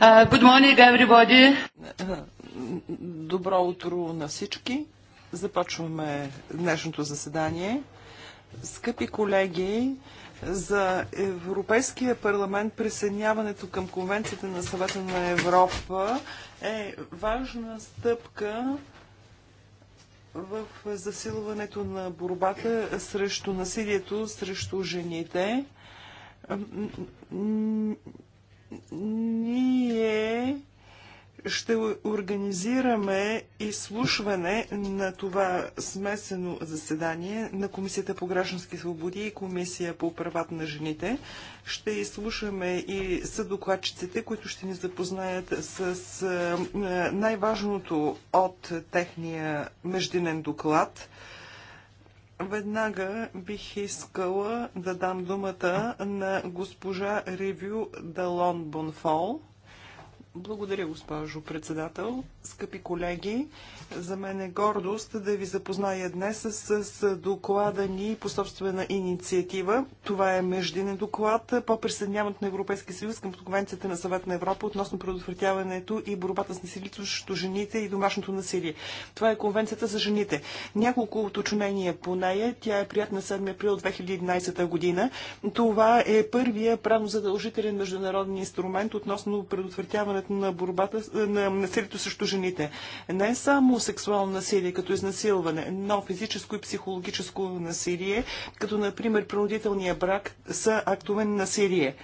Uh, good morning, everybody. Добро утро на всички. Започваме днешното заседание. Скъпи колеги, за Европейския парламент присъединяването към Конвенцията на съвета на Европа е важна стъпка в засилването на борбата срещу насилието срещу жените ние ще организираме изслушване на това смесено заседание на Комисията по граждански свободи и Комисия по правата на жените. Ще изслушаме и съдокладчиците, които ще ни запознаят с е, най-важното от техния междинен доклад – Веднага бих искала да дам думата на госпожа Ревю Далон Бонфол. Благодаря, госпожо председател. Скъпи колеги, за мен е гордост да ви запозная днес с, с доклада ни по собствена инициатива. Това е междинен доклад по присъединяването на Европейския съюз към Конвенцията на Съвет на Европа относно предотвратяването и борбата с насилието срещу жените и домашното насилие. Това е Конвенцията за жените. Няколко уточнения по нея. Тя е прият на 7 април 2011 година. Това е първия правно задължителен международен инструмент относно предотвратяването посветят на борбата на насилието срещу жените. Не само сексуално насилие, като изнасилване, но физическо и психологическо насилие, като например принудителния брак, са актове на насилие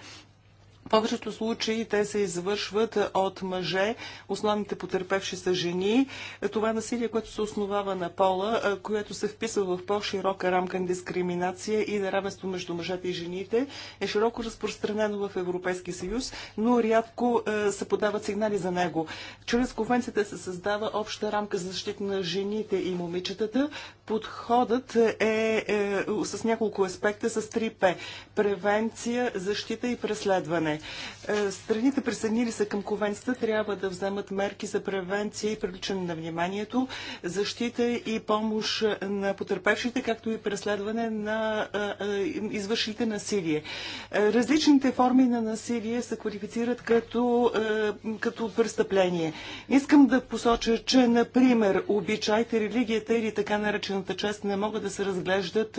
повечето случаи те се извършват е, от мъже. Основните потерпевши са жени. Е, това насилие, което се основава на пола, е, което се вписва в по-широка рамка на дискриминация и неравенство между мъжете и жените, е широко разпространено в Европейския съюз, но рядко се подават сигнали за него. Чрез конвенцията се създава обща рамка за защита на жените и момичетата. Подходът е, е, е с няколко аспекта, с 3П. Превенция, защита и преследване. Е, страните присъединили се към конвенцията трябва да вземат мерки за превенция и привличане на вниманието, защита и помощ на потерпевшите, както и преследване на е, е, извършилите насилие. Различните форми на насилие се квалифицират като, като престъпление. Искам да посоча, че, например, обичайте, религията или така наречената част не могат да се разглеждат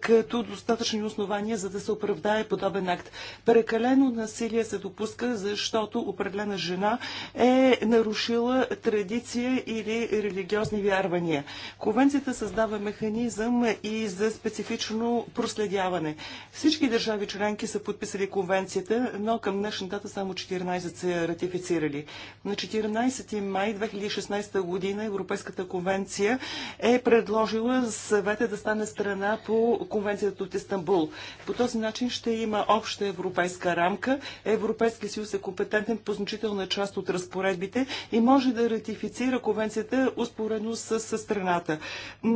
като достатъчни основания, за да се оправдае подобен акт. Прекалено на насилие се допуска, защото определена жена е нарушила традиция или религиозни вярвания. Конвенцията създава механизъм и за специфично проследяване. Всички държави членки са подписали конвенцията, но към днешна дата само 14 са ратифицирали. На 14 май 2016 година Европейската конвенция е предложила съвета да стане страна по конвенцията от Истанбул. По този начин ще има обща европейска рамка, Европейския съюз е компетентен по значителна част от разпоредбите и може да ратифицира конвенцията успоредно с, страната.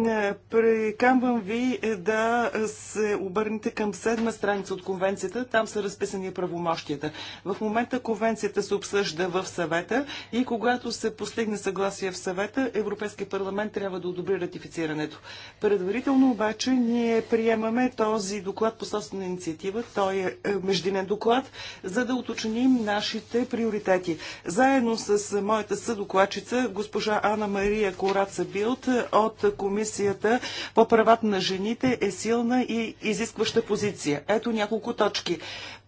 Е, Прикамвам ви е, да се обърнете към седма страница от конвенцията. Там са разписани правомощията. В момента конвенцията се обсъжда в съвета и когато се постигне съгласие в съвета, Европейския парламент трябва да одобри ратифицирането. Предварително обаче ние приемаме този доклад по собствена инициатива. Той е, е междинен доклад за да уточним нашите приоритети. Заедно с моята съдокладчица, госпожа Анна Мария Кораца Билт от Комисията по правата на жените е силна и изискваща позиция. Ето няколко точки.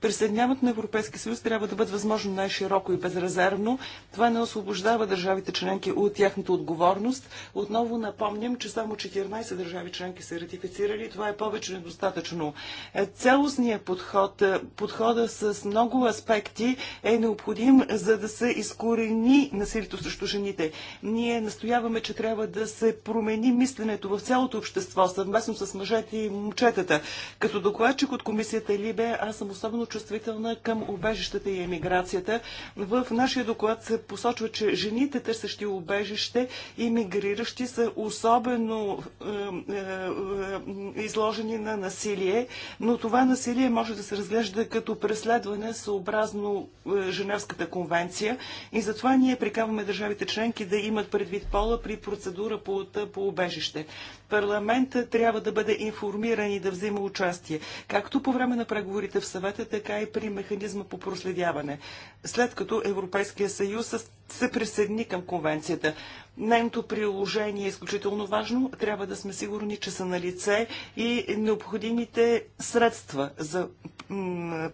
Присъединяването на Европейския съюз трябва да бъде възможно най-широко и безрезервно. Това не освобождава държавите членки от тяхната отговорност. Отново напомням, че само 14 държави членки са ратифицирали. Това е повече недостатъчно. Е, цялостният подход, е, подхода с много аспекти е необходим, за да се изкорени насилието срещу жените. Ние настояваме, че трябва да се промени мисленето в цялото общество, съвместно с мъжете и момчетата. Като докладчик от комисията Либе, аз съм особено чувствителна към убежищата и емиграцията. В нашия доклад се посочва, че жените, търсещи убежище и мигриращи, са особено е, е, е, изложени на насилие, но това насилие може да се разглежда като преследване съобразно е, Женевската конвенция и затова ние прикаваме държавите членки да имат предвид пола при процедура по, по убежище. Парламентът трябва да бъде информиран и да взима участие, както по време на преговорите в съвета, така и при механизма по проследяване, след като Европейския съюз се присъедини към конвенцията. Нейното приложение е изключително важно. Трябва да сме сигурни, че са на лице и необходимите средства за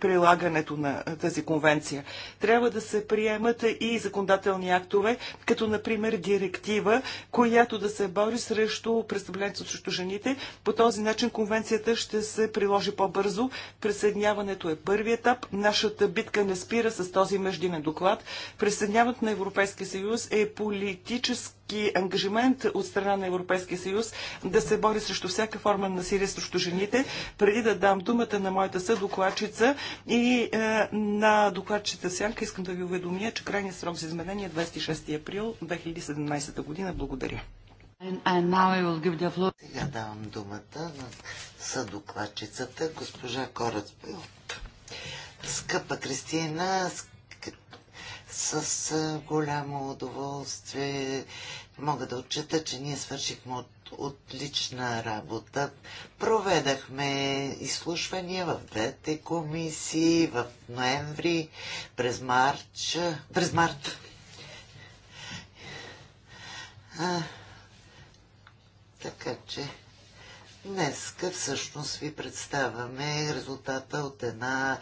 прилагането на тази конвенция. Трябва да се приемат и законодателни актове, като например директива, която да се бори срещу престъплението срещу жените. По този начин конвенцията ще се приложи по-бързо. Присъединяването е първи етап. Нашата битка не спира с този междинен доклад. Присъединяването на Европейския съюз е политическа политически ангажимент от страна на Европейския съюз да се бори срещу всяка форма на насилие срещу жените, преди да дам думата на моята съдокладчица и е, на докладчица Сянка, искам да ви уведомя, че крайният срок за изменение е 26 април 2017 година. Благодаря. Сега давам думата на съдокладчицата госпожа Корацбилт. Скъпа Кристина, скъпа с голямо удоволствие мога да отчита, че ние свършихме от отлична работа. Проведахме изслушвания в двете комисии в ноември, през, марч, през март. А, така че днеска всъщност ви представяме резултата от една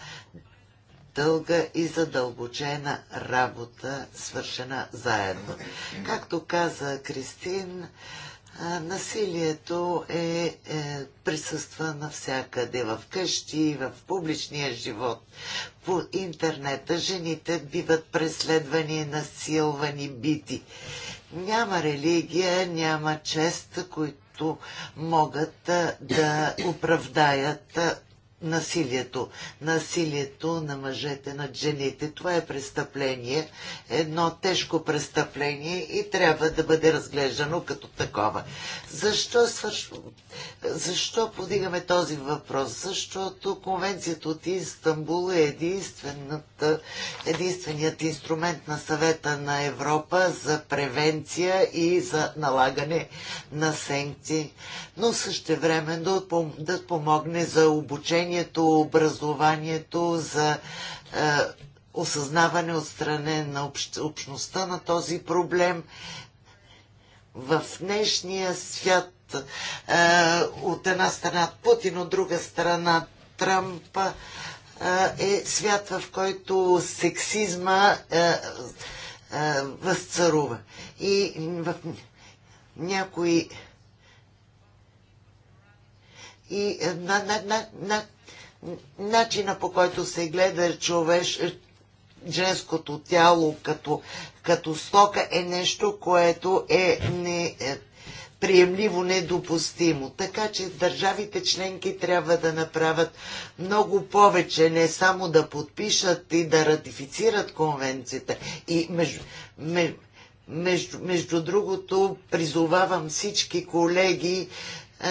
дълга и задълбочена работа, свършена заедно. Както каза Кристин, Насилието е, е, присъства навсякъде, в къщи, в публичния живот, по интернета. Жените биват преследвани, насилвани, бити. Няма религия, няма чест, които могат да оправдаят насилието. Насилието на мъжете, над жените. Това е престъпление, едно тежко престъпление и трябва да бъде разглеждано като такова. Защо, също, защо подигаме този въпрос? Защото конвенцията от Истанбул е единственият инструмент на съвета на Европа за превенция и за налагане на санкции, но същевременно да помогне за обучение обучението, образованието, за е, осъзнаване от страна на общ, общността на този проблем. В днешния свят е, от една страна Путин, от друга страна Тръмп е, е свят, в който сексизма възцарува. И в някои и на, на, на, на начина по който се гледа човеш, женското тяло като, като стока е нещо, което е не, е, приемливо недопустимо. Така че държавите членки трябва да направят много повече, не само да подпишат и да ратифицират конвенцията. И между, между, между, между другото призовавам всички колеги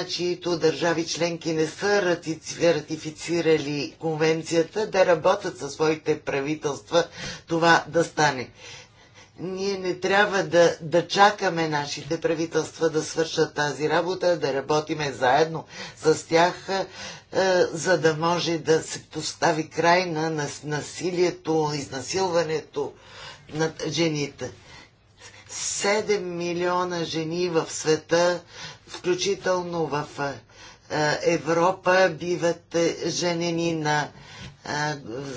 чието държави членки не са ратифицирали конвенцията, да работят със своите правителства това да стане. Ние не трябва да, да чакаме нашите правителства да свършат тази работа, да работиме заедно с тях, е, за да може да се постави край на насилието, изнасилването над жените. 7 милиона жени в света включително в Европа, биват е, женени на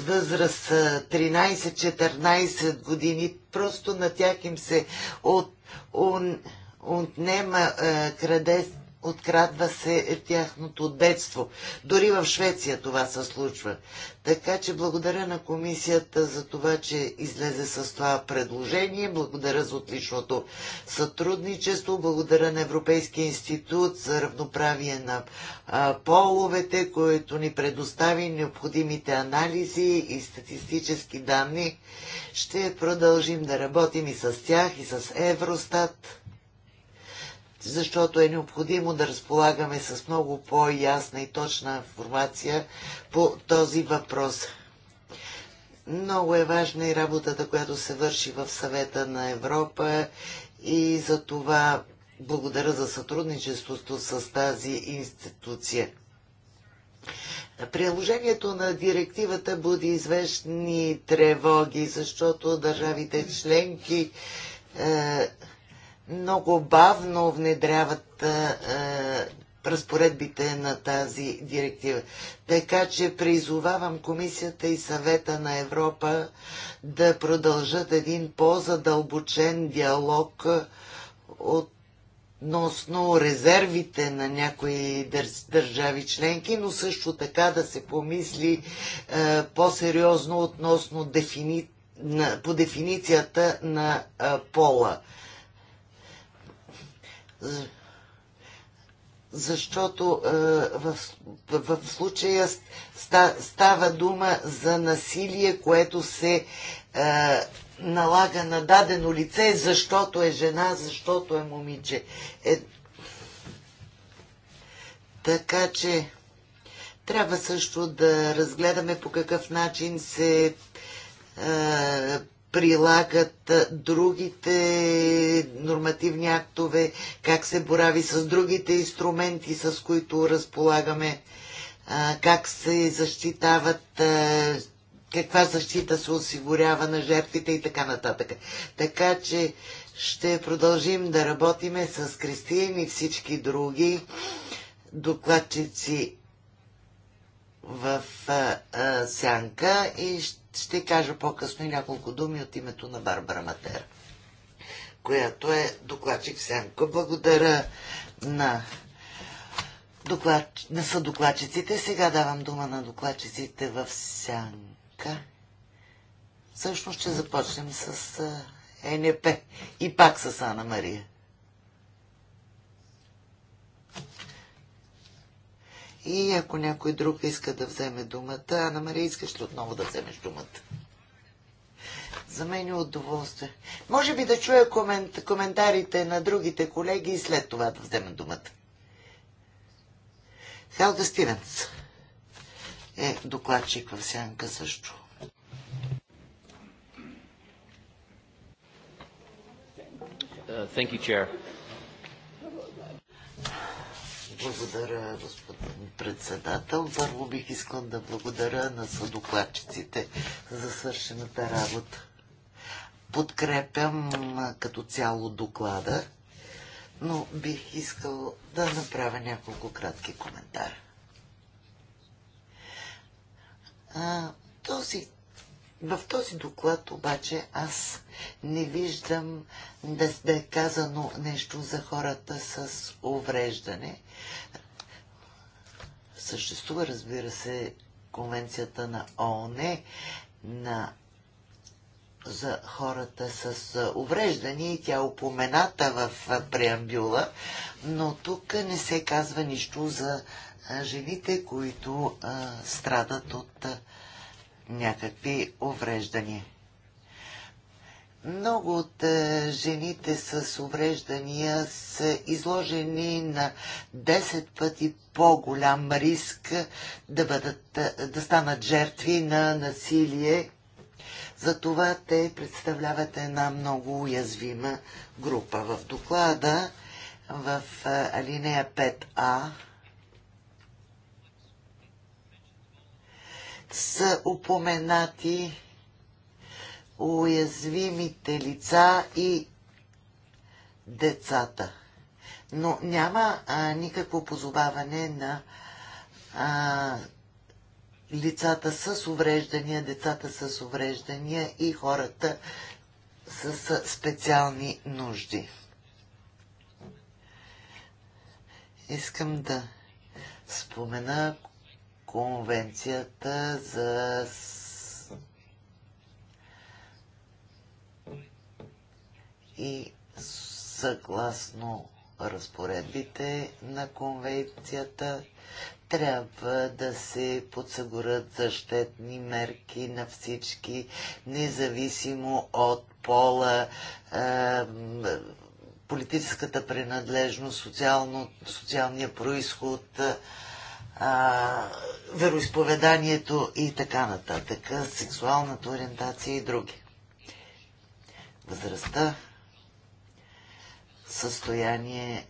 възраст 13-14 години. Просто на тях им се от, он, отнема крадест открадва се тяхното детство. Дори в Швеция това се случва. Така че благодаря на комисията за това, че излезе с това предложение. Благодаря за отличното сътрудничество. Благодаря на Европейския институт за равноправие на а, половете, който ни предостави необходимите анализи и статистически данни. Ще продължим да работим и с тях, и с Евростат защото е необходимо да разполагаме с много по-ясна и точна информация по този въпрос. Много е важна и работата, която се върши в съвета на Европа и за това благодаря за сътрудничеството с тази институция. Приложението на директивата буди известни тревоги, защото държавите членки е, много бавно внедряват а, разпоредбите на тази директива. Така че призовавам Комисията и съвета на Европа да продължат един по-задълбочен диалог относно резервите на някои държави членки, но също така да се помисли е, по-сериозно относно дефини... на, по дефиницията на е, пола защото е, в, в, случая става дума за насилие, което се е, налага на дадено лице, защото е жена, защото е момиче. Е, така че трябва също да разгледаме по какъв начин се е, прилагат другите нормативни актове, как се борави с другите инструменти, с които разполагаме, как се защитават, каква защита се осигурява на жертвите и така нататък. Така че ще продължим да работиме с Кристиен и всички други докладчици в а, а, сянка и ще кажа по-късно и няколко думи от името на Барбара Матера, която е докладчик в сянка. Благодаря на, доклад... на съдокладчиците. Сега давам дума на докладчиците в сянка. Всъщност ще започнем с а, е НП и пак с Ана Мария. И ако някой друг иска да вземе думата, Ана Мария, искаш ли отново да вземеш думата? За мен е удоволствие. Може би да чуя комент, коментарите на другите колеги и след това да взема думата. Хелга Стивенс е докладчик в Сянка също. Uh, thank you, Chair. Благодаря, господин председател. Първо бих искал да благодаря на съдокладчиците за свършената работа. Подкрепям като цяло доклада, но бих искал да направя няколко кратки коментара. този в този доклад обаче аз не виждам да, да е казано нещо за хората с увреждане. Съществува, разбира се, конвенцията на ООН на за хората с увреждане. и тя е упомената в преамбюла, но тук не се казва нищо за жените, които а, страдат от някакви увреждания. Много от е, жените с увреждания са изложени на 10 пъти по-голям риск да, бъдат, е, да станат жертви на насилие. Затова те представляват една много уязвима група. В доклада в е, алинея 5а са упоменати уязвимите лица и децата. Но няма а, никакво позоваване на а, лицата с увреждания, децата с увреждания и хората с специални нужди. Искам да спомена конвенцията за и съгласно разпоредбите на конвенцията трябва да се подсигурят защитни мерки на всички, независимо от пола, е, политическата принадлежност, социално, социалния происход, е, вероисповеданието и така нататък, сексуалната ориентация и други. Възрастта, състояние,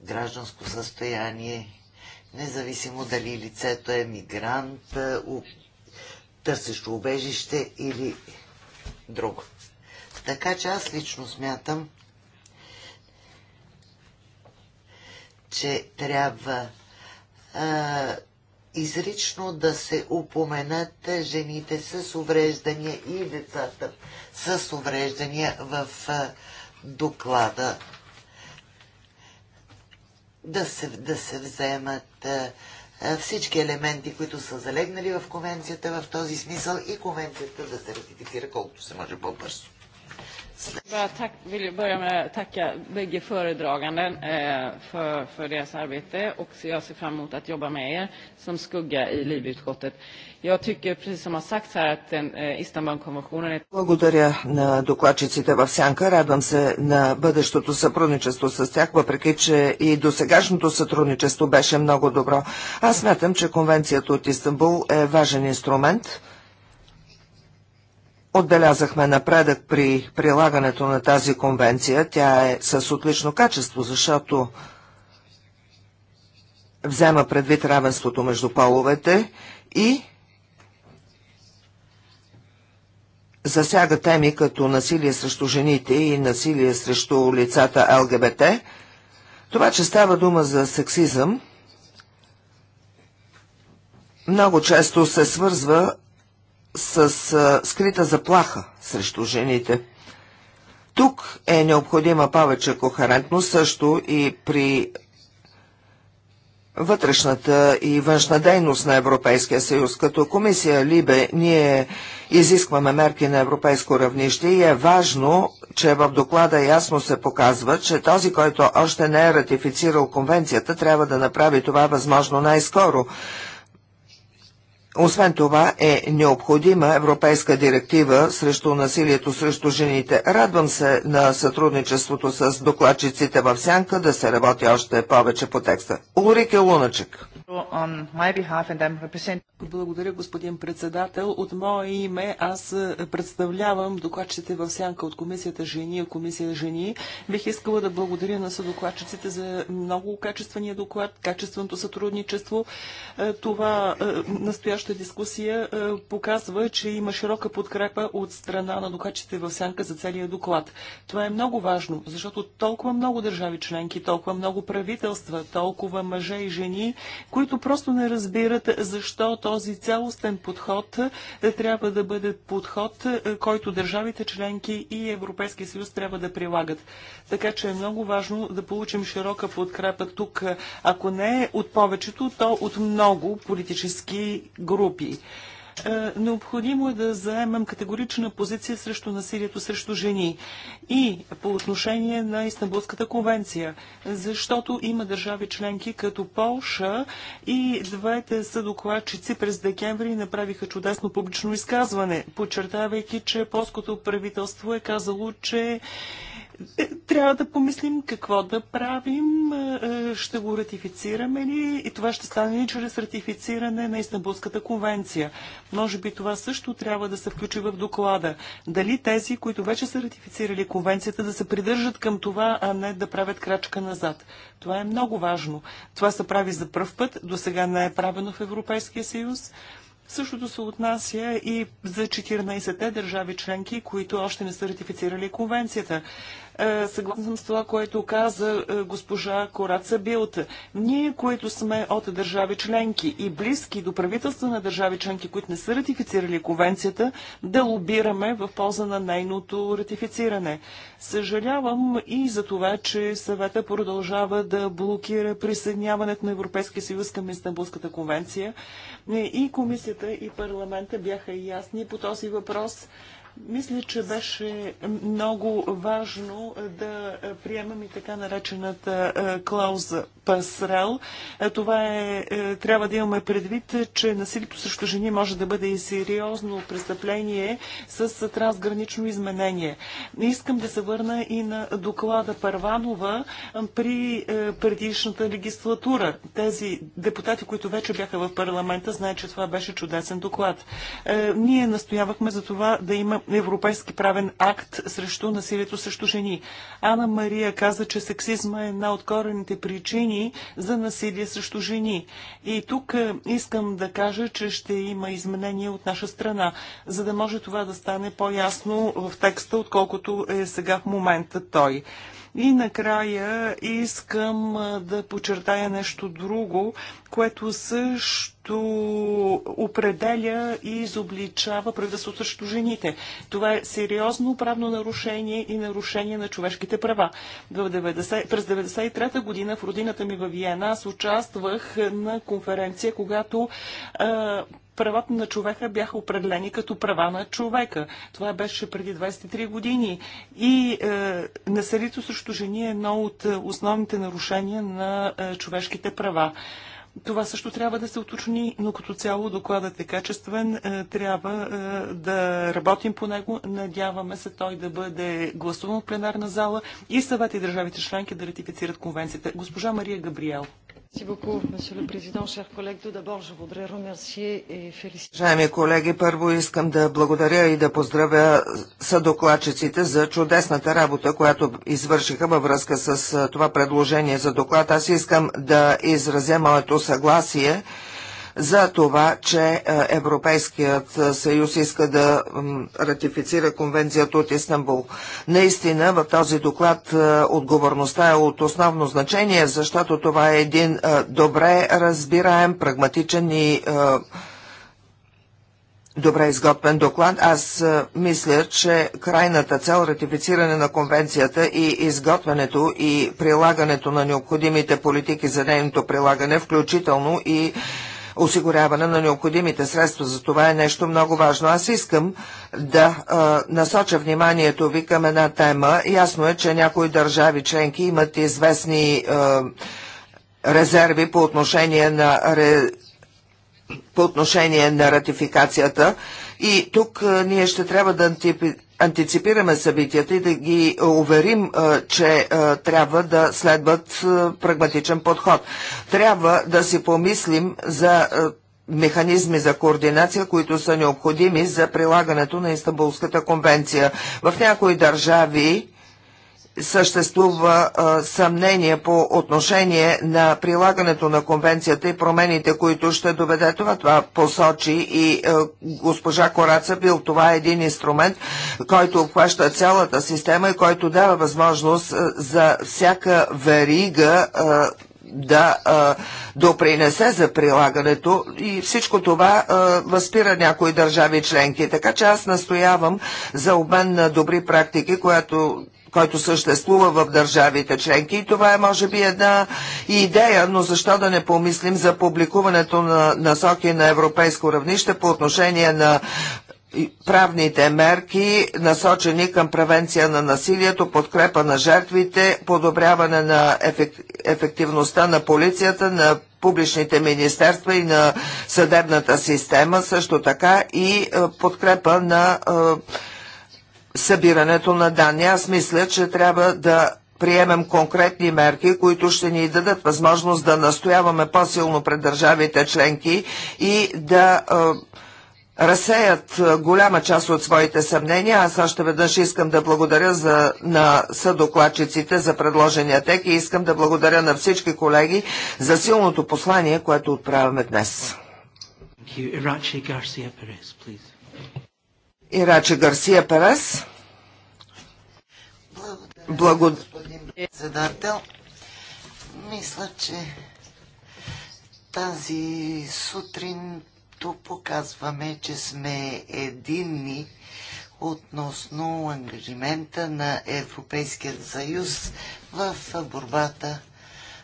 гражданско състояние, независимо дали лицето е мигрант, е, търсещо убежище или друго. Така че аз лично смятам, че трябва изрично да се упоменат жените с увреждания и децата с увреждания в доклада. Да се, да се вземат всички елементи, които са залегнали в конвенцията в този смисъл и конвенцията да се ратифицира колкото се може по-бързо. Jag vill börja med att tacka bägge föredraganden för, för deras arbete och jag ser fram emot att jobba med er som skugga i livutskottet. Jag tycker, precis som har sagts här, att den, Istanbulkonventionen är... Благодаря на докладчиците в Сянка. Радвам се на бъдещото сътрудничество с тях, въпреки че и досегашното сътрудничество беше много добро. Аз смятам, че конвенцията от Истанбул е важен инструмент Отбелязахме напредък при прилагането на тази конвенция. Тя е с отлично качество, защото взема предвид равенството между половете и засяга теми като насилие срещу жените и насилие срещу лицата ЛГБТ. Това, че става дума за сексизъм, много често се свързва с а, скрита заплаха срещу жените. Тук е необходима повече кохерентност също и при вътрешната и външна дейност на Европейския съюз. Като комисия Либе ние изискваме мерки на европейско равнище и е важно, че в доклада ясно се показва, че този, който още не е ратифицирал конвенцията, трябва да направи това възможно най-скоро. Освен това е необходима европейска директива срещу насилието срещу жените. Радвам се на сътрудничеството с докладчиците в Сянка да се работи още повече по текста. Улрике Луначек благодаря, господин председател. От мое име аз е, представлявам докладчите в сянка от Комисията Жени и Комисия Жени. Бих искала да благодаря на съдокладчиците за много качествения доклад, качественото сътрудничество. Е, това е, настояща дискусия показва, че има широка подкрепа от страна на докладчите в сянка за целия доклад. Това е много важно, защото толкова много държави членки, толкова много правителства, толкова мъже и жени, които които просто не разбират защо този цялостен подход е, трябва да бъде подход, е, който държавите членки и Европейския съюз трябва да прилагат. Така че е много важно да получим широка подкрепа тук, ако не от повечето, то от много политически групи. Е, необходимо е да заемам категорична позиция срещу насилието срещу жени и по отношение на Истанбулската конвенция, защото има държави членки като Полша и двете са докладчици през декември направиха чудесно публично изказване, подчертавайки, че полското правителство е казало, че е, трябва да помислим какво да правим, е, е, ще го ратифицираме ли и това ще стане ли чрез ратифициране на Истанбулската конвенция. Може би това също трябва да се включи в доклада. Дали тези, които вече са ратифицирали конвенцията, да се придържат към това, а не да правят крачка назад. Това е много важно. Това се прави за пръв път, до сега не е правено в Европейския съюз. Същото се отнася и за 14-те държави членки, които още не са ратифицирали конвенцията. Е, Съгласен съм с това, което каза е, госпожа Кораца Билт. Ние, които сме от държави членки и близки до правителства на държави членки, които не са ратифицирали конвенцията, да лобираме в полза на нейното ратифициране. Съжалявам и за това, че съвета продължава да блокира присъединяването на Европейския съюз към Истанбулската конвенция. Е, и комисията и парламента бяха ясни по този въпрос. Мисля, че беше много важно да приемем и така наречената е, клауза пасрел. Е, това е, е, трябва да имаме предвид, че насилието срещу жени може да бъде и сериозно престъпление с трансгранично изменение. Искам да се върна и на доклада Парванова при предишната легислатура. Тези депутати, които вече бяха в парламента, знаят, че това беше чудесен доклад. Ние настоявахме за това да има европейски правен акт срещу насилието срещу жени. Ана Мария каза, че сексизма е една от корените причини за насилие срещу жени. И тук е, искам да кажа, че ще има изменения от наша страна, за да може това да стане по-ясно в текста, отколкото е сега в момента той. И накрая искам да подчертая нещо друго, което също определя и изобличава правителството срещу жените. Това е сериозно правно нарушение и нарушение на човешките права. през 1993 година в родината ми във Виена аз участвах на конференция, когато правата на човека бяха определени като права на човека. Това беше преди 23 години. И е, насилието срещу жени е едно от е, основните нарушения на е, човешките права. Това също трябва да се уточни, но като цяло докладът е качествен. Е, трябва е, да работим по него. Надяваме се той да бъде гласуван в пленарна зала и съвет и държавите членки да ратифицират конвенцията. Госпожа Мария Габриел. Уважаеми колеги, първо искам да благодаря и да поздравя съдокладчиците за чудесната работа, която извършиха във връзка с това предложение за доклад. Аз искам да изразя моето съгласие за това, че е, Европейският е, съюз иска да ратифицира конвенцията от Истанбул. Наистина в този доклад е, отговорността е от основно значение, защото това е един добре разбираем, прагматичен и добре изготвен доклад. Аз мисля, че крайната цел ратифициране на конвенцията и изготвянето и прилагането на необходимите политики за нейното прилагане, включително и осигуряване на необходимите средства. За това е нещо много важно. Аз искам да а, насоча вниманието ви към една тема. Ясно е, че някои държави членки имат известни а, резерви по отношение на ре... по отношение на ратификацията. И тук а, ние ще трябва да антипи антиципираме събитията и да ги уверим, че трябва да следват прагматичен подход. Трябва да си помислим за механизми за координация, които са необходими за прилагането на Истанбулската конвенция. В някои държави съществува а, съмнение по отношение на прилагането на конвенцията и промените, които ще доведе това. Това посочи и а, госпожа Кораца бил. Това е един инструмент, който обхваща цялата система и който дава възможност а, за всяка верига да а, допринесе за прилагането и всичко това а, възпира някои държави членки. Така че аз настоявам за обмен на добри практики, която който съществува в държавите членки. И това е, може би, една идея, но защо да не помислим за публикуването на насоки на европейско равнище по отношение на правните мерки, насочени към превенция на насилието, подкрепа на жертвите, подобряване на ефективността на полицията, на публичните министерства и на съдебната система, също така и е, подкрепа на е, събирането на данни. Аз мисля, че трябва да приемем конкретни мерки, които ще ни дадат възможност да настояваме по-силно пред държавите членки и да разсеят голяма част от своите съмнения. Аз още веднъж искам да благодаря за, на съдокладчиците за предложения тек и искам да благодаря на всички колеги за силното послание, което отправяме днес. Ираче Гарсия please. Ираче Гарсия Перес. Благодаря, Благод... господин председател. Мисля, че тази сутрин то показваме, че сме единни относно ангажимента на Европейския съюз в борбата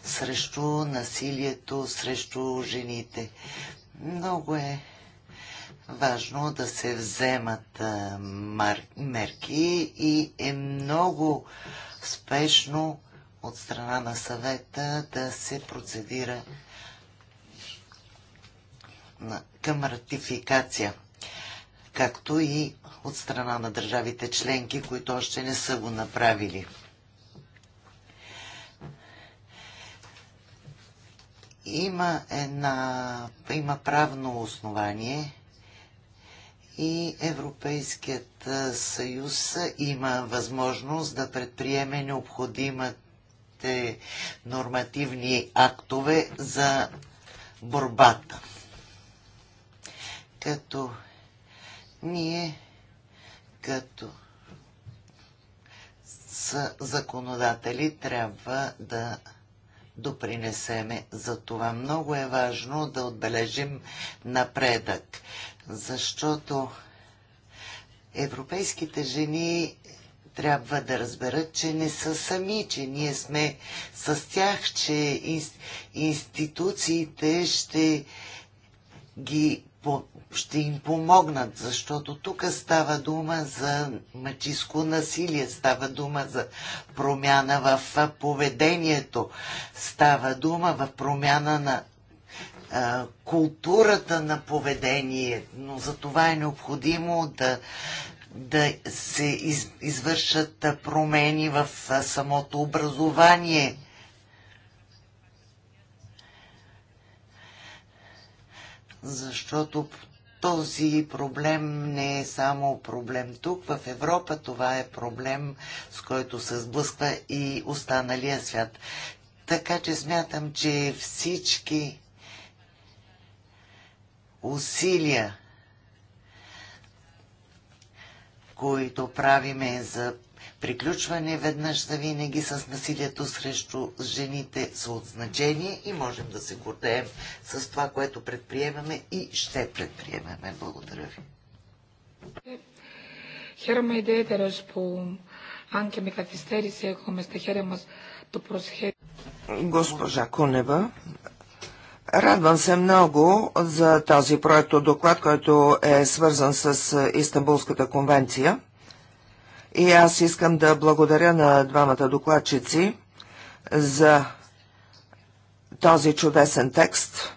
срещу насилието срещу жените. Много е важно да се вземат мерки и е много спешно от страна на съвета да се процедира към ратификация, както и от страна на държавите членки, които още не са го направили. Има една, има правно основание и Европейският съюз има възможност да предприеме необходимите нормативни актове за борбата. Като ние, като законодатели трябва да допринесеме за това. Много е важно да отбележим напредък защото европейските жени трябва да разберат, че не са сами, че ние сме с тях, че институциите ще ги ще им помогнат, защото тук става дума за мъчиско насилие, става дума за промяна в поведението, става дума в промяна на културата на поведение, но за това е необходимо да, да се из, извършат промени в самото образование. Защото този проблем не е само проблем тук, в Европа това е проблем, с който се сблъсква и останалия свят. Така че смятам, че всички усилия, които правиме за приключване веднъж за винаги с насилието срещу жените са от значение и можем да се гордеем с това, което предприемаме и ще предприемаме. Благодаря ви. Χαίρομαι ιδιαίτερα που, αν και με καθυστέρηση, έχουμε στα χέρια μας το προσχέδιο. Госпожа Конева, Радвам се много за този проект от доклад, който е свързан с е, Истанбулската конвенция. И аз искам да благодаря на двамата докладчици за този чудесен текст,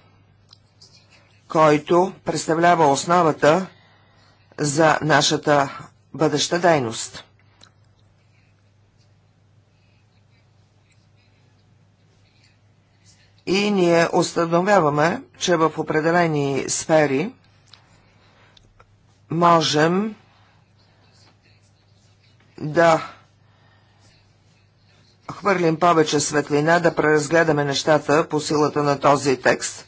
който представлява основата за нашата бъдеща дейност. и ние установяваме, че в определени сфери можем да хвърлим повече светлина, да преразгледаме нещата по силата на този текст.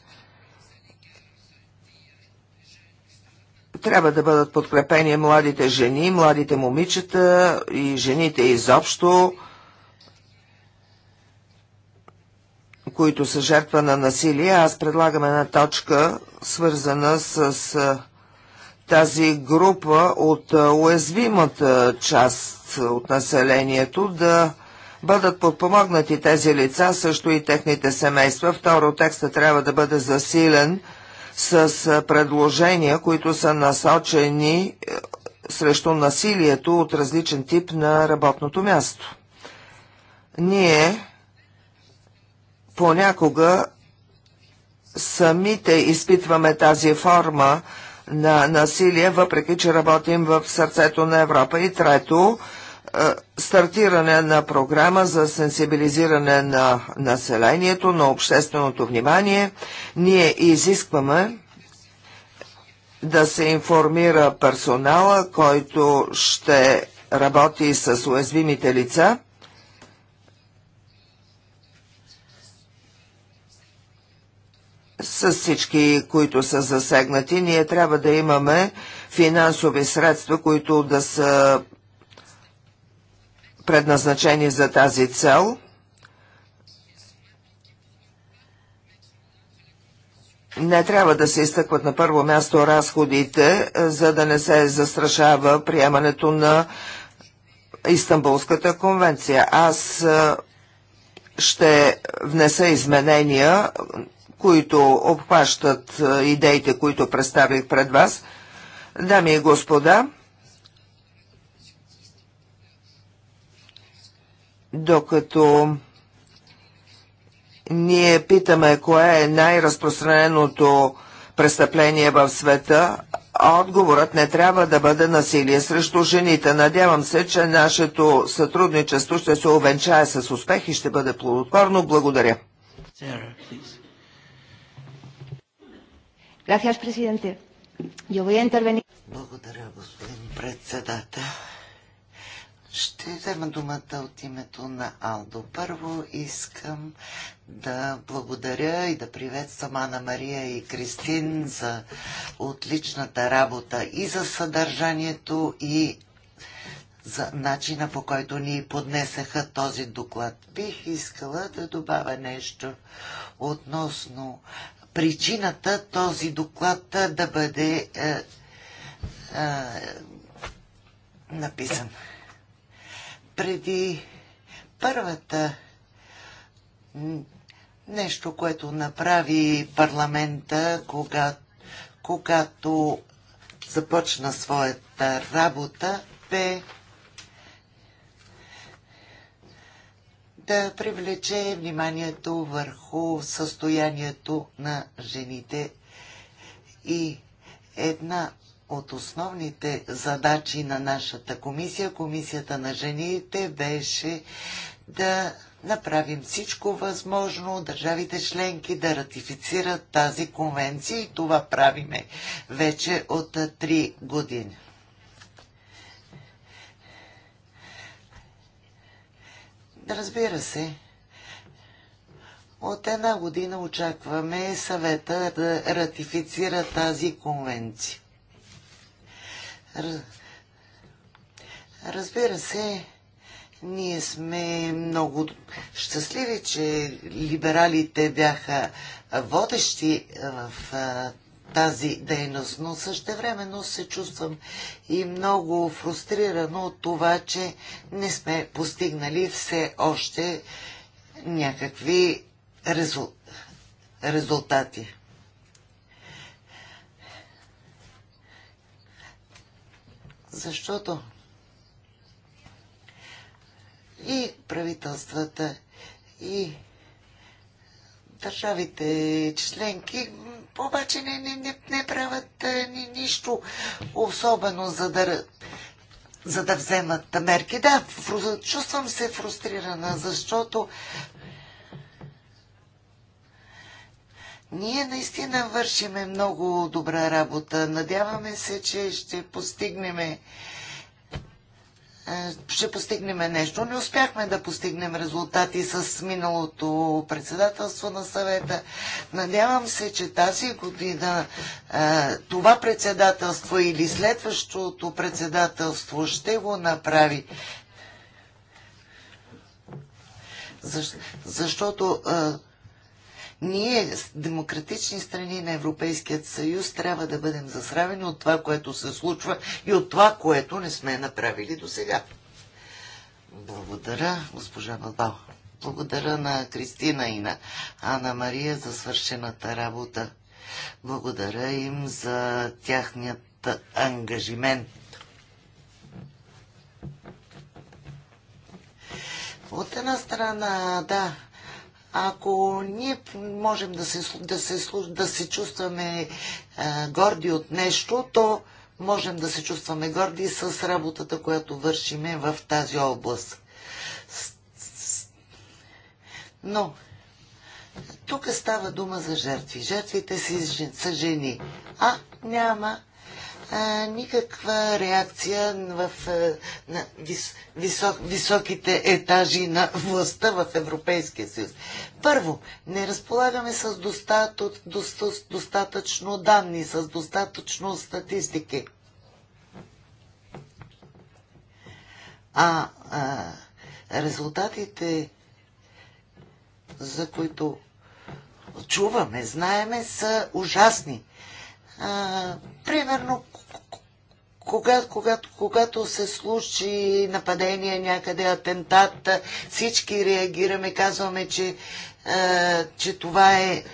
Трябва да бъдат подкрепени младите жени, младите момичета и жените изобщо – които са жертва на насилие, аз предлагам една точка, свързана с тази група от уязвимата част от населението да бъдат подпомогнати тези лица, също и техните семейства. Второ, текста трябва да бъде засилен с предложения, които са насочени е, срещу насилието от различен тип на работното място. Ние понякога самите изпитваме тази форма на насилие, въпреки че работим в сърцето на Европа. И трето, е, стартиране на програма за сенсибилизиране на населението, на общественото внимание. Ние изискваме да се информира персонала, който ще работи с уязвимите лица – с всички, които са засегнати. Ние трябва да имаме финансови средства, които да са предназначени за тази цел. Не трябва да се изтъкват на първо място разходите, за да не се застрашава приемането на Истанбулската конвенция. Аз ще внеса изменения които обхващат идеите, които представих пред вас. Дами и господа, докато ние питаме кое е най-разпространеното престъпление в света, а отговорът не трябва да бъде насилие срещу жените. Надявам се, че нашето сътрудничество ще се увенчае с успех и ще бъде плодотворно. Благодаря. Sarah, Gracias, presidente. Yo voy a intervenir. Благодаря, господин председател. Ще взема думата от името на Алдо. Първо искам да благодаря и да приветствам Ана Мария и Кристин за отличната работа и за съдържанието и за начина по който ни поднесеха този доклад. Бих искала да добавя нещо относно причината този доклад да бъде е, е, написан. Преди първата нещо, което направи парламента, кога, когато започна своята работа, бе да привлече вниманието върху състоянието на жените и една от основните задачи на нашата комисия, комисията на жените, беше да направим всичко възможно държавите членки да ратифицират тази конвенция и това правиме вече от три години. Да разбира се. От една година очакваме съвета да ратифицира тази конвенция. Разбира се, ние сме много щастливи, че либералите бяха водещи в тази дейност, но същевременно се чувствам и много фрустрирано от това, че не сме постигнали все още някакви резул... резултати. Защото и правителствата, и държавите членки обаче не, не, не, не правят е, ни, нищо особено за да, за да вземат мерки. Да, фру, чувствам се фрустрирана, защото Ние наистина вършиме много добра работа. Надяваме се, че ще постигнем е, ще постигнем нещо. Не успяхме да постигнем резултати с миналото председателство на съвета. Надявам се, че тази година е, това председателство или следващото председателство ще го направи. защото е, ние, демократични страни на Европейският съюз, трябва да бъдем засравени от това, което се случва и от това, което не сме направили до сега. Благодаря, госпожа Бабал. Благодаря на Кристина и на Анна Мария за свършената работа. Благодаря им за тяхният ангажимент. От една страна, да, ако ние можем да се, да се, да се чувстваме а, горди от нещо, то можем да се чувстваме горди с работата, която вършиме в тази област. Но тук става дума за жертви. Жертвите са жени. А няма никаква реакция в на вис, висок, високите етажи на властта в Европейския съюз. Първо, не разполагаме с достатъчно данни, с достатъчно статистики. А, а резултатите, за които чуваме, знаеме, са ужасни примерно, когато, когато, когато се случи нападение някъде, атентат, всички реагираме, казваме, че, а, че това е,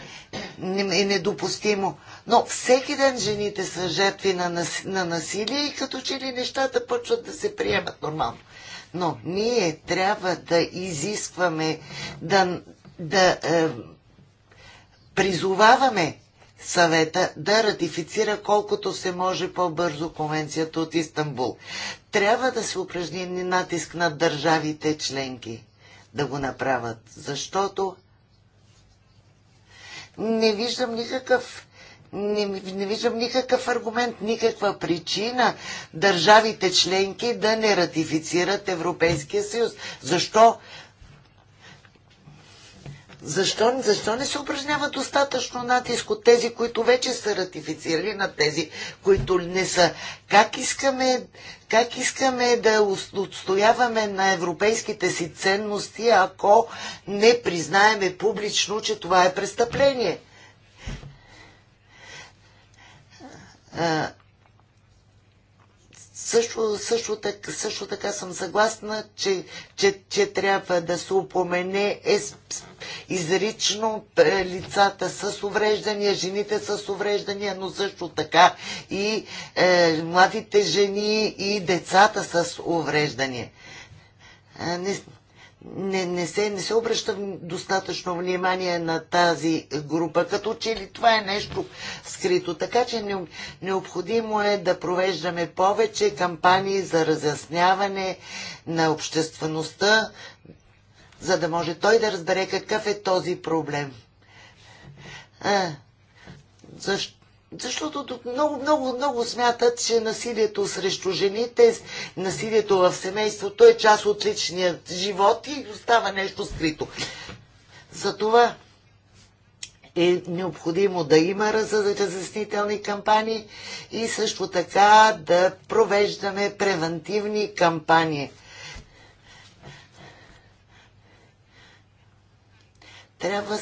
е недопустимо. Но всеки ден жените са жертви на, нас, на насилие и като че ли нещата почват да се приемат нормално. Но ние трябва да изискваме, да, да е, призоваваме съвета да ратифицира колкото се може по-бързо конвенцията от Истанбул. Трябва да се упражни натиск на държавите членки да го направят, защото не виждам никакъв не, не виждам никакъв аргумент, никаква причина държавите членки да не ратифицират Европейския съюз. Защо защо, защо не се упражнява достатъчно натиск от тези, които вече са ратифицирали, на тези, които не са? Как искаме, как искаме да отстояваме на европейските си ценности, ако не признаеме публично, че това е престъпление? Също, също, така, също така съм съгласна, че, че, че трябва да се упомене изрично лицата с увреждания, жените с увреждания, но също така и е, младите жени и децата с увреждания. Е, не, не, не, се, не се обръща достатъчно внимание на тази група, като че ли това е нещо скрито. Така че не, необходимо е да провеждаме повече кампании за разясняване на обществеността за да може той да разбере какъв е този проблем. А, защо? Защото тук много, много, много смятат, че насилието срещу жените, насилието в семейството е част от личния живот и остава нещо скрито. Затова е необходимо да има разяснителни кампании и също така да провеждаме превентивни кампании. Трябва,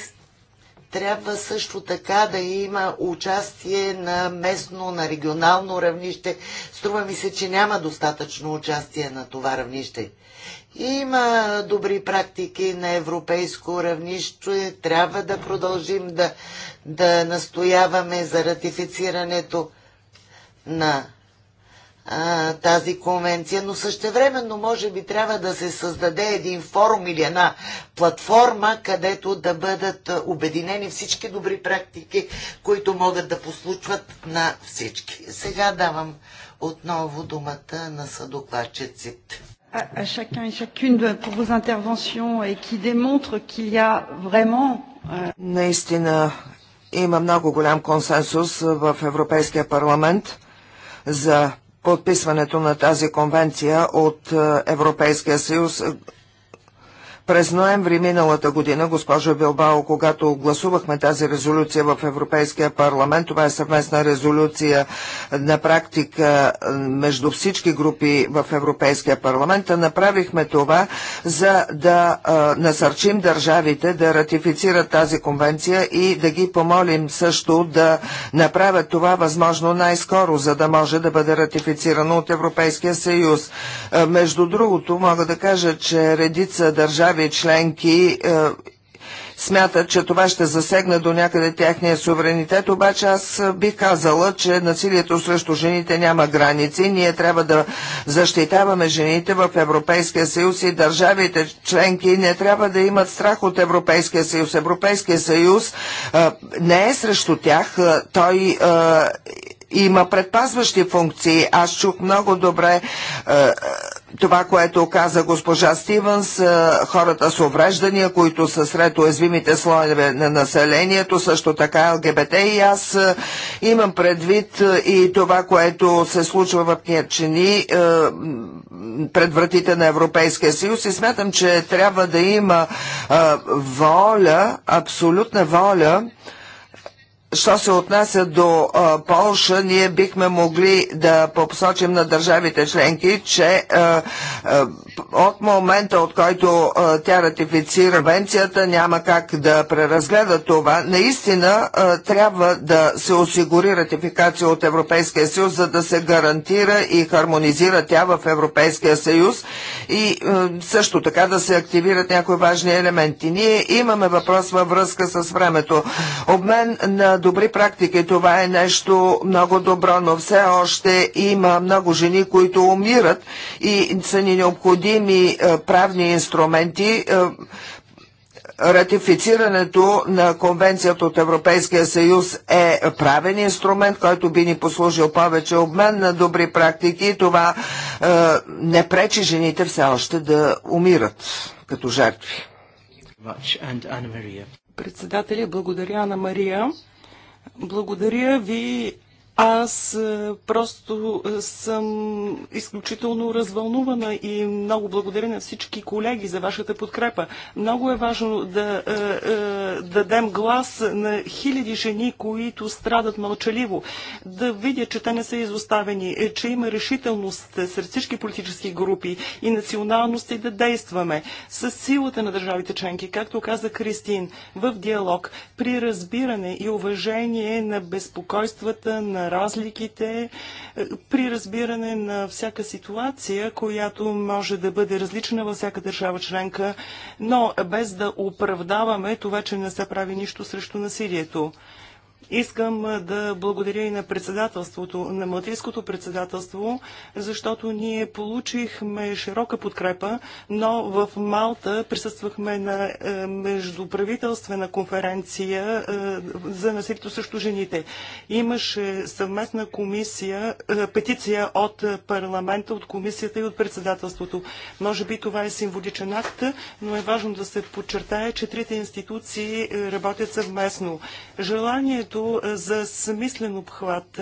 трябва също така да има участие на местно, на регионално равнище. Струва ми се, че няма достатъчно участие на това равнище. Има добри практики на европейско равнище. Трябва да продължим да, да настояваме за ратифицирането на а, тази конвенция, но същевременно може би трябва да се създаде един форум или една платформа, където да бъдат обединени всички добри практики, които могат да послучват на всички. Сега давам отново думата на съдокладчиците. À, à chacun et chacune de, pour vos interventions et qui démontre qu'il y a vraiment. Euh... Наистина има много голям консенсус в Европейския парламент за подписването на тази конвенция от е, Европейския съюз. През ноември миналата година, госпожа Билбао, когато гласувахме тази резолюция в Европейския парламент, това е съвместна резолюция на практика между всички групи в Европейския парламент, направихме това, за да а, насърчим държавите да ратифицират тази конвенция и да ги помолим също да направят това възможно най-скоро, за да може да бъде ратифицирано от Европейския съюз. А, между другото, мога да кажа, че редица държави държави членки е, смятат, че това ще засегне до някъде тяхния суверенитет, обаче аз е, бих казала, че насилието срещу жените няма граници. Ние трябва да защитаваме жените в Европейския съюз и държавите членки не трябва да имат страх от Европейския съюз. Европейския съюз а, е, не е срещу тях, а, той а, има предпазващи функции. Аз чух много добре това, което каза госпожа Стивенс, е, хората с увреждания, които са сред уязвимите слоеве на населението, също така ЛГБТ и аз е, имам предвид е, и това, което се случва в Кнечени пред вратите на Европейския съюз и смятам, че трябва да има воля, абсолютна воля, Що се отнася до а, Полша, ние бихме могли да посочим на държавите членки, че а, а, от момента, от който а, тя ратифицира венцията, няма как да преразгледа това. Наистина а, трябва да се осигури ратификация от Европейския съюз, за да се гарантира и хармонизира тя в Европейския съюз и а, също така да се активират някои важни елементи. Ние имаме въпрос във връзка с времето. Обмен на добри практики. Това е нещо много добро, но все още има много жени, които умират и са ни необходими е, правни инструменти, е, Ратифицирането на конвенцията от Европейския съюз е правен инструмент, който би ни послужил повече обмен на добри практики и това е, не пречи жените все още да умират като жертви. Председателя, благодаря на Мария. Благодаря ви аз е, просто е, съм изключително развълнувана и много благодаря на всички колеги за вашата подкрепа. Много е важно да е, е, дадем глас на хиляди жени, които страдат мълчаливо, да видят, че те не са изоставени, е, че има решителност сред всички политически групи и националности да действаме с силата на държавите членки, както каза Кристин, в диалог, при разбиране и уважение на безпокойствата на разликите, е, при разбиране на всяка ситуация, която може да бъде различна във всяка държава членка, но без да оправдаваме това, че не се прави нищо срещу насилието. Искам да благодаря и на председателството, на Малтийското председателство, защото ние получихме широка подкрепа, но в Малта присъствахме на е, междуправителствена конференция е, за насилието срещу жените. Имаше съвместна комисия, е, петиция от парламента, от комисията и от председателството. Може би това е символичен акт, но е важно да се подчертае, че трите институции работят съвместно. Желанието решението за смислен обхват,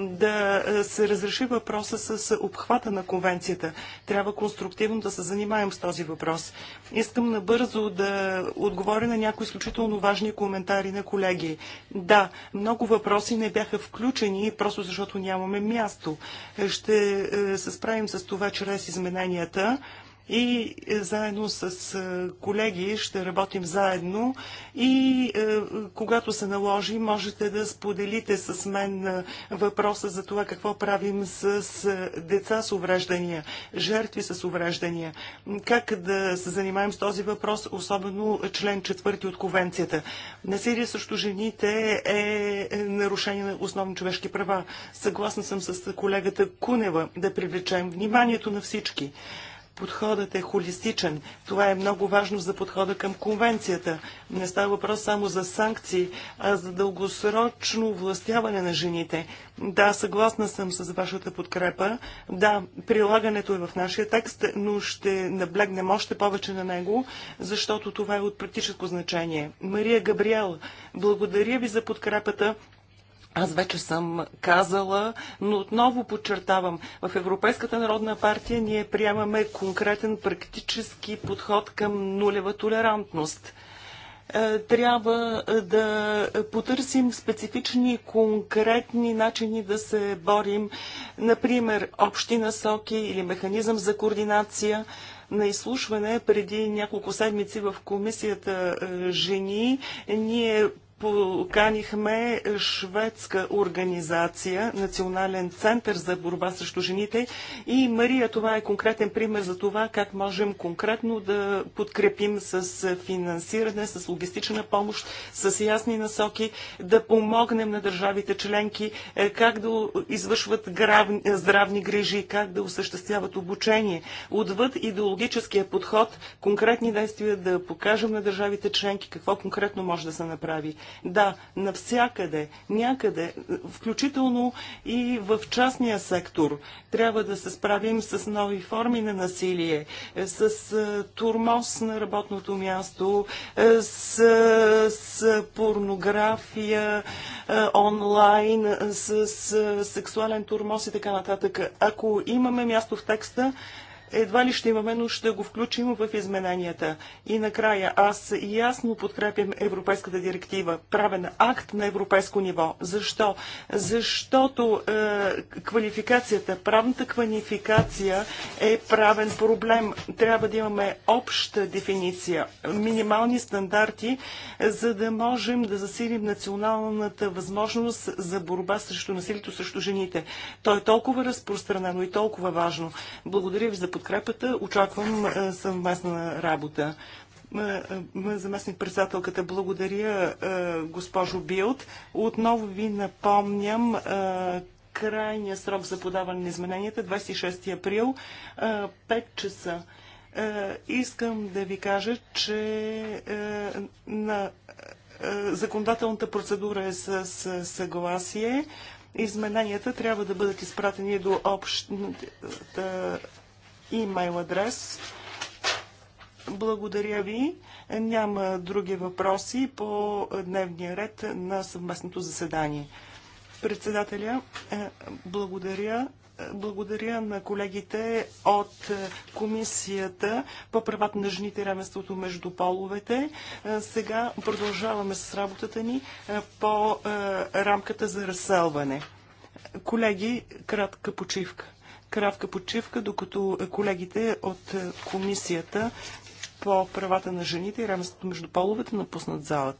да се разреши въпроса с обхвата на конвенцията. Трябва конструктивно да се занимаем с този въпрос. Искам набързо да отговоря на някои изключително важни коментари на колеги. Да, много въпроси не бяха включени, просто защото нямаме място. Ще се справим с това чрез измененията и е, заедно с е, колеги ще работим заедно и е, когато се наложи, можете да споделите с мен въпроса за това какво правим с деца с увреждания, жертви с увреждания. Как да се занимаем с този въпрос, особено член четвърти от конвенцията. Насилие срещу жените е нарушение на основни човешки права. Съгласна съм с колегата Кунева да привлечем вниманието на всички. Подходът е холистичен. Това е много важно за подхода към конвенцията. Не става въпрос само за санкции, а за дългосрочно властяване на жените. Да, съгласна съм с вашата подкрепа. Да, прилагането е в нашия текст, но ще наблегнем още повече на него, защото това е от практическо значение. Мария Габриел, благодаря ви за подкрепата. Аз вече съм казала, но отново подчертавам, в Европейската народна партия ние приемаме конкретен практически подход към нулева толерантност е, трябва да потърсим специфични, конкретни начини да се борим, например, общи насоки или механизъм за координация. На изслушване преди няколко седмици в комисията е, Жени ние поканихме шведска организация, Национален център за борба срещу жените. И Мария, това е конкретен пример за това как можем конкретно да подкрепим с финансиране, с логистична помощ, с ясни насоки, да помогнем на държавите членки е, как да извършват здравни грижи, как да осъществяват обучение. Отвъд идеологическия подход, конкретни действия да покажем на държавите членки какво конкретно може да се направи. Да, навсякъде, някъде, включително и в частния сектор. Трябва да се справим с нови форми на насилие, е, с е, турмоз на работното място, е, с, с порнография онлайн, с, с сексуален турмоз и така нататък. Ако имаме място в текста, едва ли ще имаме, но ще го включим в измененията. И накрая аз ясно подкрепям Европейската директива, правен акт на европейско ниво. Защо? Защото е, квалификацията, правната квалификация е правен проблем. Трябва да имаме обща дефиниция, минимални стандарти, за да можем да засилим националната възможност за борба срещу насилието срещу жените. То е толкова разпространено и толкова важно. Благодаря ви за подкрепа подкрепата. Очаквам съвместна работа. Заместник председателката, благодаря, госпожо Билт. Отново ви напомням, крайния срок за подаване на измененията 26 април 5 часа. Искам да ви кажа, че на законодателната процедура е с съгласие. Измененията трябва да бъдат изпратени до общата имейл адрес. Благодаря ви. Няма други въпроси по дневния ред на съвместното заседание. Председателя, е, благодаря благодаря на колегите от Комисията по правата на жените и равенството между половете. Е, сега продължаваме с работата ни е, по рамката за разселване. Колеги, кратка почивка кратка почивка, докато колегите от комисията по правата на жените и равенството между половете напуснат залата.